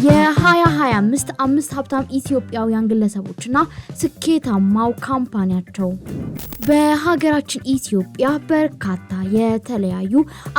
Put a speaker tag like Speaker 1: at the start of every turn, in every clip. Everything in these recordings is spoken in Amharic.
Speaker 1: Yeah. በ2025 አምስት ሀብታም ኢትዮጵያውያን ግለሰቦችና ስኬታማው ካምፓኒያቸው። በሀገራችን ኢትዮጵያ በርካታ የተለያዩ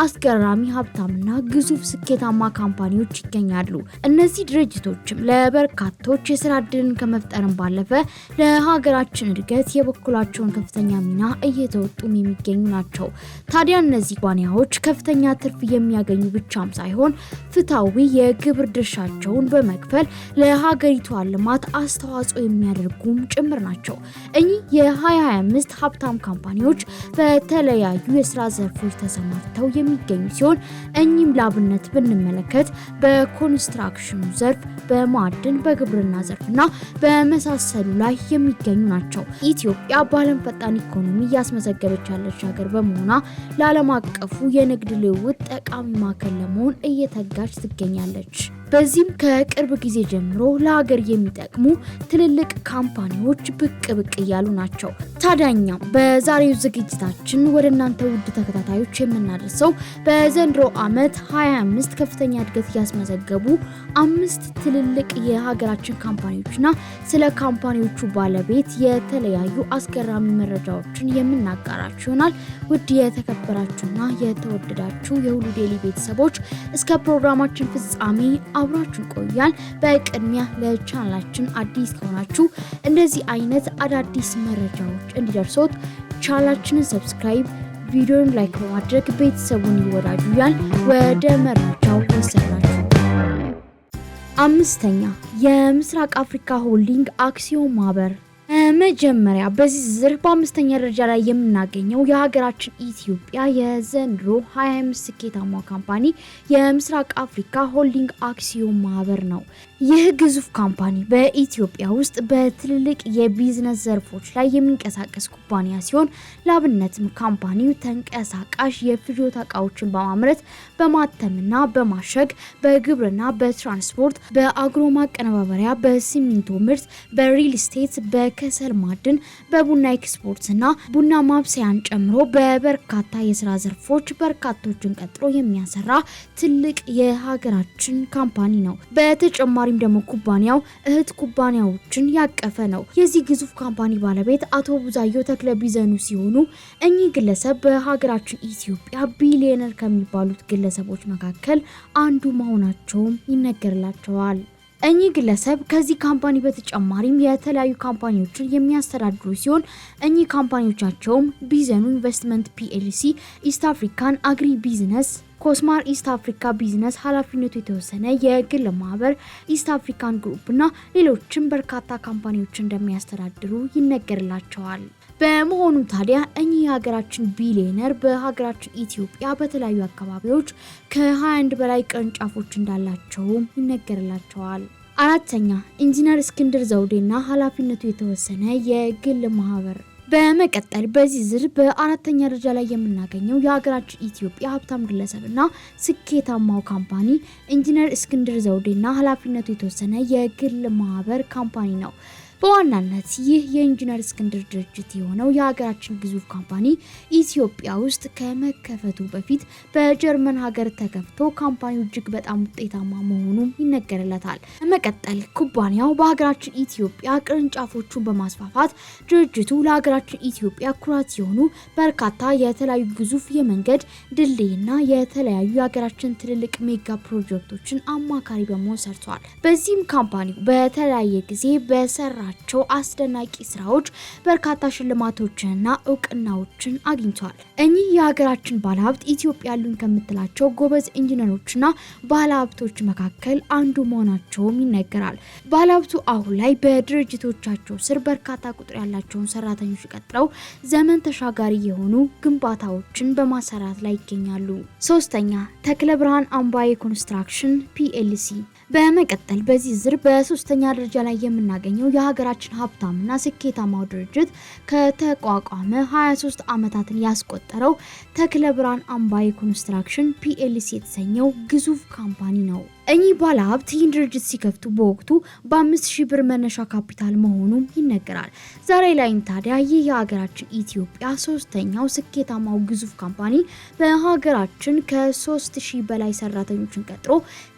Speaker 1: አስገራሚ ሀብታምና ግዙፍ ስኬታማ ካምፓኒዎች ይገኛሉ። እነዚህ ድርጅቶችም ለበርካቶች የስራ እድልን ከመፍጠርን ባለፈ ለሀገራችን እድገት የበኩላቸውን ከፍተኛ ሚና እየተወጡም የሚገኙ ናቸው። ታዲያ እነዚህ ኩባንያዎች ከፍተኛ ትርፍ የሚያገኙ ብቻም ሳይሆን ፍትሐዊ የግብር ድርሻቸውን በመክፈል ለሀገሪቷ ልማት አስተዋጽኦ የሚያደርጉም ጭምር ናቸው። እኚህ የ2025 ሀብታም ካምፓኒዎች በተለያዩ የስራ ዘርፎች ተሰማርተው የሚገኙ ሲሆን እኚህም ላብነት ብንመለከት በኮንስትራክሽኑ ዘርፍ፣ በማዕድን፣ በግብርና ዘርፍና በመሳሰሉ ላይ የሚገኙ ናቸው። ኢትዮጵያ በዓለም ፈጣን ኢኮኖሚ እያስመዘገበች ያለች ሀገር በመሆኗ ለዓለም አቀፉ የንግድ ልውውጥ ጠቃሚ ማዕከል ለመሆን እየተጋች ትገኛለች። በዚህም ከቅርብ ጊዜ ጀምሮ ለሀገር የሚጠቅሙ ትልልቅ ካምፓኒዎች ብቅ ብቅ እያሉ ናቸው። ታዲያኛም በዛሬው ዝግጅታችን ወደ እናንተ ውድ ተከታታዮች የምናደርሰው በዘንድሮ ዓመት 25 ከፍተኛ እድገት ያስመዘገቡ አምስት ትልልቅ የሀገራችን ካምፓኒዎችና ስለ ካምፓኒዎቹ ባለቤት የተለያዩ አስገራሚ መረጃዎችን የምናጋራችሁ ይሆናል። ውድ የተከበራችሁና የተወደዳችሁ የሁሉ ዴይሊ ቤተሰቦች እስከ ፕሮግራማችን ፍጻሜ አብራችሁ ቆያል በቅድሚያ ለቻናላችን አዲስ ከሆናችሁ እንደዚህ አይነት አዳዲስ መረጃዎች እንዲደርሶት ቻናላችንን ሰብስክራይብ፣ ቪዲዮን ላይክ በማድረግ ቤተሰቡን ይወዳጁያል። ወደ መረጃው ወሰናችሁ። አምስተኛ የምስራቅ አፍሪካ ሆልዲንግ አክሲዮን ማህበር መጀመሪያ በዚህ ዝርዝር በአምስተኛ ደረጃ ላይ የምናገኘው የሀገራችን ኢትዮጵያ የዘንድሮ 25 ስኬታማ ካምፓኒ የምስራቅ አፍሪካ ሆልዲንግ አክሲዮን ማህበር ነው። ይህ ግዙፍ ካምፓኒ በኢትዮጵያ ውስጥ በትልልቅ የቢዝነስ ዘርፎች ላይ የሚንቀሳቀስ ኩባንያ ሲሆን ለአብነትም ካምፓኒው ተንቀሳቃሽ የፍጆታ እቃዎችን በማምረት በማተምና በማሸግ በግብርና፣ በትራንስፖርት፣ በአግሮ ማቀነባበሪያ፣ በሲሚንቶ ምርት፣ በሪል ስቴት፣ በ የከሰል ማዕድን በቡና ኤክስፖርትና ቡና ማብሰያን ጨምሮ በበርካታ የስራ ዘርፎች በርካቶችን ቀጥሮ የሚያሰራ ትልቅ የሀገራችን ካምፓኒ ነው። በተጨማሪም ደግሞ ኩባንያው እህት ኩባንያዎችን ያቀፈ ነው። የዚህ ግዙፍ ካምፓኒ ባለቤት አቶ ቡዛዮ ተክለ ቢዘኑ ሲሆኑ እኚህ ግለሰብ በሀገራችን ኢትዮጵያ ቢሊዮነር ከሚባሉት ግለሰቦች መካከል አንዱ መሆናቸውም ይነገርላቸዋል። እኚህ ግለሰብ ከዚህ ካምፓኒ በተጨማሪም የተለያዩ ካምፓኒዎችን የሚያስተዳድሩ ሲሆን እኚህ ካምፓኒዎቻቸውም ቢዘኑ ኢንቨስትመንት ፒኤልሲ፣ ኢስት አፍሪካን አግሪ ቢዝነስ፣ ኮስማር ኢስት አፍሪካ ቢዝነስ ኃላፊነቱ የተወሰነ የግል ማህበር፣ ኢስት አፍሪካን ግሩፕና ሌሎችም በርካታ ካምፓኒዎች እንደሚያስተዳድሩ ይነገርላቸዋል። በመሆኑ ታዲያ እኚህ የሀገራችን ቢሊዮነር በሀገራችን ኢትዮጵያ በተለያዩ አካባቢዎች ከ21 በላይ ቅርንጫፎች እንዳላቸውም ይነገርላቸዋል። አራተኛ ኢንጂነር እስክንድር ዘውዴና ኃላፊነቱ የተወሰነ የግል ማህበር በመቀጠል በዚህ ዝር በአራተኛ ደረጃ ላይ የምናገኘው የሀገራችን ኢትዮጵያ ሀብታም ግለሰብና ስኬታማው ካምፓኒ ኢንጂነር እስክንድር ዘውዴና ኃላፊነቱ የተወሰነ የግል ማህበር ካምፓኒ ነው። በዋናነት ይህ የኢንጂነር እስክንድር ድርጅት የሆነው የሀገራችን ግዙፍ ካምፓኒ ኢትዮጵያ ውስጥ ከመከፈቱ በፊት በጀርመን ሀገር ተከፍቶ ካምፓኒው እጅግ በጣም ውጤታማ መሆኑም ይነገርለታል። በመቀጠል ኩባንያው በሀገራችን ኢትዮጵያ ቅርንጫፎቹን በማስፋፋት ድርጅቱ ለሀገራችን ኢትዮጵያ ኩራት የሆኑ በርካታ የተለያዩ ግዙፍ የመንገድ ድልድይና የተለያዩ የሀገራችን ትልልቅ ሜጋ ፕሮጀክቶችን አማካሪ በመሆን ሰርቷል። በዚህም ካምፓኒው በተለያየ ጊዜ በሰራ በሰራናቸው አስደናቂ ስራዎች በርካታ ሽልማቶችንና እውቅናዎችን አግኝቷል። እኚህ የሀገራችን ባለሀብት ኢትዮጵያ ያሉን ከምትላቸው ጎበዝ ኢንጂነሮችና ባለሀብቶች መካከል አንዱ መሆናቸውም ይነገራል። ባለሀብቱ አሁን ላይ በድርጅቶቻቸው ስር በርካታ ቁጥር ያላቸውን ሰራተኞች ቀጥረው ዘመን ተሻጋሪ የሆኑ ግንባታዎችን በማሰራት ላይ ይገኛሉ። ሶስተኛ ተክለ ብርሃን አምባዬ ኮንስትራክሽን ፒኤልሲ በመቀጠል በዚህ ዝር በሶስተኛ ደረጃ ላይ የምናገኘው የሀገራችን ሀብታምና ስኬታማው ድርጅት ከተቋቋመ 23 ዓመታትን ያስቆጠረው ተክለ ብርሃን አምባይ ኮንስትራክሽን ፒኤልሲ የተሰኘው ግዙፍ ካምፓኒ ነው። እኚህ ባለ ሀብት ይህን ድርጅት ሲከፍቱ በወቅቱ በአምስት ሺህ ብር መነሻ ካፒታል መሆኑም ይነገራል። ዛሬ ላይም ታዲያ ይህ የሀገራችን ኢትዮጵያ ሶስተኛው ስኬታማው ግዙፍ ካምፓኒ በሀገራችን ከሶስት ሺህ በላይ ሰራተኞችን ቀጥሮ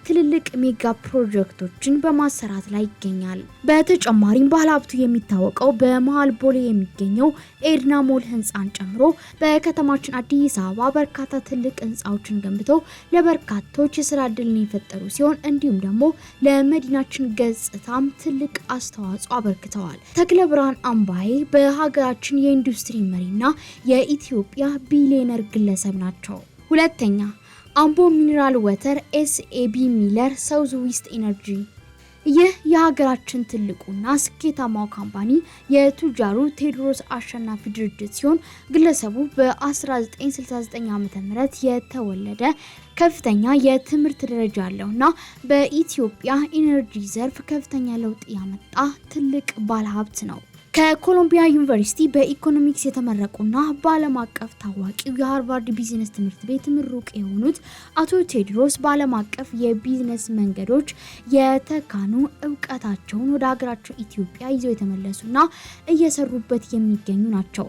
Speaker 1: ትልልቅ ሜጋ ፕሮጀክቶችን በማሰራት ላይ ይገኛል። በተጨማሪም ባለሀብቱ የሚታወቀው በመሀል ቦሌ የሚገኘው ኤድና ሞል ህንፃን ጨምሮ በከተማችን አዲስ አበባ በርካታ ትልቅ ህንፃዎችን ገንብተው ለበርካቶች የስራ እድልን የፈጠሩ ሲሆን ሲሆን እንዲሁም ደግሞ ለመዲናችን ገጽታም ትልቅ አስተዋጽኦ አበርክተዋል። ተክለ ብርሃን አምባዬ በሀገራችን የኢንዱስትሪ መሪና የኢትዮጵያ ቢሊዮነር ግለሰብ ናቸው። ሁለተኛ አምቦ ሚኒራል ወተር ኤስኤቢ ሚለር ሳውዝ ዌስት ኢነርጂ ይህ የሀገራችን ትልቁና ስኬታማው ካምፓኒ የቱጃሩ ቴዎድሮስ አሸናፊ ድርጅት ሲሆን ግለሰቡ በ1969 ዓ ም የተወለደ ከፍተኛ የትምህርት ደረጃ ያለውና በኢትዮጵያ ኢነርጂ ዘርፍ ከፍተኛ ለውጥ ያመጣ ትልቅ ባለሀብት ነው። ከኮሎምቢያ ዩኒቨርሲቲ በኢኮኖሚክስ የተመረቁና በዓለም አቀፍ ታዋቂው የሀርቫርድ ቢዝነስ ትምህርት ቤት ምሩቅ የሆኑት አቶ ቴድሮስ በዓለም አቀፍ የቢዝነስ መንገዶች የተካኑ እውቀታቸውን ወደ ሀገራቸው ኢትዮጵያ ይዘው የተመለሱና እየሰሩበት የሚገኙ ናቸው።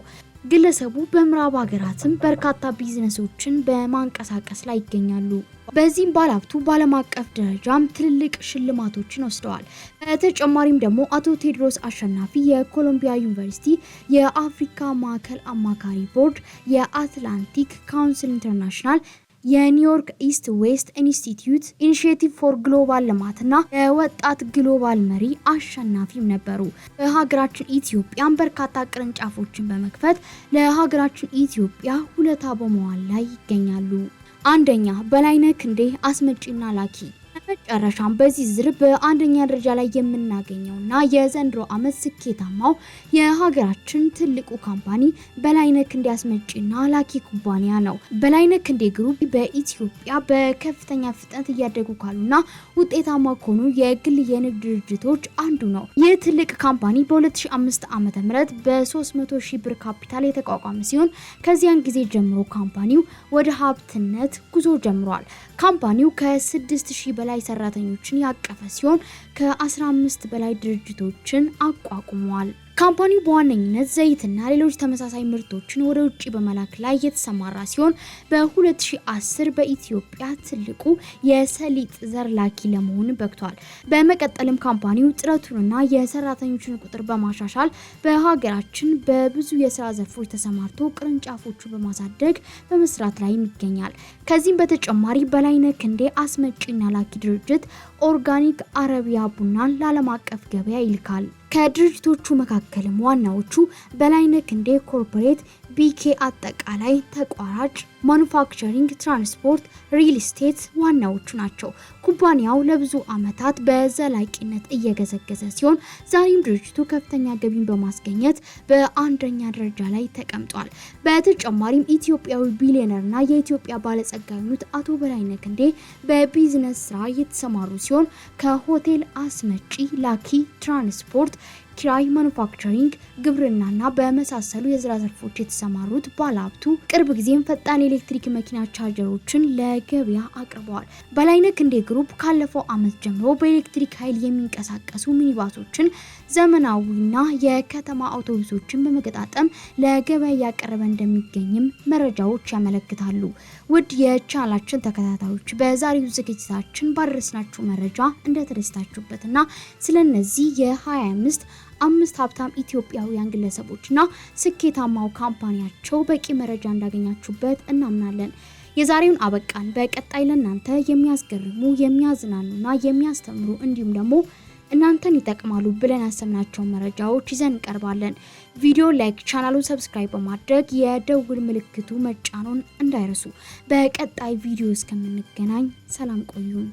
Speaker 1: ግለሰቡ በምዕራብ ሀገራትም በርካታ ቢዝነሶችን በማንቀሳቀስ ላይ ይገኛሉ። በዚህም ባለሀብቱ በዓለም አቀፍ ደረጃም ትልልቅ ሽልማቶችን ወስደዋል። በተጨማሪም ደግሞ አቶ ቴዎድሮስ አሸናፊ የኮሎምቢያ ዩኒቨርሲቲ የአፍሪካ ማዕከል አማካሪ ቦርድ፣ የአትላንቲክ ካውንስል ኢንተርናሽናል የኒውዮርክ ኢስት ዌስት ኢንስቲትዩት ኢኒሽቲቭ ፎር ግሎባል ልማትና የወጣት ግሎባል መሪ አሸናፊም ነበሩ። በሀገራችን ኢትዮጵያን በርካታ ቅርንጫፎችን በመክፈት ለሀገራችን ኢትዮጵያ ሁለታ በመዋል ላይ ይገኛሉ። አንደኛ በላይነህ ክንዴ አስመጪና ላኪ መጨረሻም በዚህ ዝር በአንደኛ ደረጃ ላይ የምናገኘውና የዘንድሮ ዓመት ስኬታማው የሀገራችን ትልቁ ካምፓኒ በላይነህ ክንዴ አስመጪና ላኪ ኩባንያ ነው። በላይነክ ክንዴ ግሩፕ በኢትዮጵያ በከፍተኛ ፍጥነት እያደጉ ካሉና ውጤታማ ከሆኑ የግል የንግድ ድርጅቶች አንዱ ነው። ይህ ትልቅ ካምፓኒ በ2005 ም በ300 ሺህ ብር ካፒታል የተቋቋመ ሲሆን ከዚያን ጊዜ ጀምሮ ካምፓኒው ወደ ሀብትነት ጉዞ ጀምሯል። ካምፓኒው ከ6000 በላይ በላይ ሰራተኞችን ያቀፈ ሲሆን ከ15 በላይ ድርጅቶችን አቋቁሟል። ካምፓኒው በዋነኝነት ዘይትና ሌሎች ተመሳሳይ ምርቶችን ወደ ውጭ በመላክ ላይ የተሰማራ ሲሆን በ2010 በኢትዮጵያ ትልቁ የሰሊጥ ዘር ላኪ ለመሆን በቅቷል። በመቀጠልም ካምፓኒው ጥረቱንና የሰራተኞችን ቁጥር በማሻሻል በሀገራችን በብዙ የስራ ዘርፎች ተሰማርቶ ቅርንጫፎቹ በማሳደግ በመስራት ላይ ይገኛል። ከዚህም በተጨማሪ በላይነ ክንዴ አስመጪና ላኪ ድርጅት ኦርጋኒክ አረቢያ ቡናን ለዓለም አቀፍ ገበያ ይልካል። ከድርጅቶቹ መካከልም ዋናዎቹ በላይነህ ክንዴ ኮርፖሬት፣ ቢኬ አጠቃላይ፣ ተቋራጭ ማኑፋክቸሪንግ፣ ትራንስፖርት፣ ሪል ስቴት ዋናዎቹ ናቸው። ኩባንያው ለብዙ ዓመታት በዘላቂነት እየገዘገዘ ሲሆን ዛሬም ድርጅቱ ከፍተኛ ገቢን በማስገኘት በአንደኛ ደረጃ ላይ ተቀምጧል። በተጨማሪም ኢትዮጵያዊ ቢሊዮነርና የኢትዮጵያ ባለጸጋ የሆኑት አቶ በላይነህ ክንዴ በቢዝነስ ስራ የተሰማሩ ሲሆን ከሆቴል አስመጪ፣ ላኪ፣ ትራንስፖርት ኪራይ፣ ማኑፋክቸሪንግ፣ ግብርናና በመሳሰሉ የስራ ዘርፎች የተሰማሩት ባለሀብቱ ቅርብ ጊዜም ፈጣን የኤሌክትሪክ መኪና ቻርጀሮችን ለገበያ አቅርበዋል። በላይነህ ክንዴ ግሩፕ ካለፈው ዓመት ጀምሮ በኤሌክትሪክ ኃይል የሚንቀሳቀሱ ሚኒባሶችን ዘመናዊና የከተማ አውቶቡሶችን በመገጣጠም ለገበያ እያቀረበ እንደሚገኝም መረጃዎች ያመለክታሉ። ውድ የቻናላችን ተከታታዮች በዛሬው ዝግጅታችን ባደረስናችሁ መረጃ እንደተደስታችሁበትና ስለነዚህ የ25 አምስት ሀብታም ኢትዮጵያውያን ግለሰቦችና ስኬታማው ካምፓኒያቸው በቂ መረጃ እንዳገኛችሁበት እናምናለን። የዛሬውን አበቃን። በቀጣይ ለእናንተ የሚያስገርሙ የሚያዝናኑና የሚያስተምሩ እንዲሁም ደግሞ እናንተን ይጠቅማሉ ብለን ያሰብናቸውን መረጃዎች ይዘን እንቀርባለን። ቪዲዮ ላይክ፣ ቻናሉን ሰብስክራይብ በማድረግ የደውል ምልክቱ መጫኖን እንዳይረሱ። በቀጣይ ቪዲዮ እስከምንገናኝ ሰላም ቆዩን።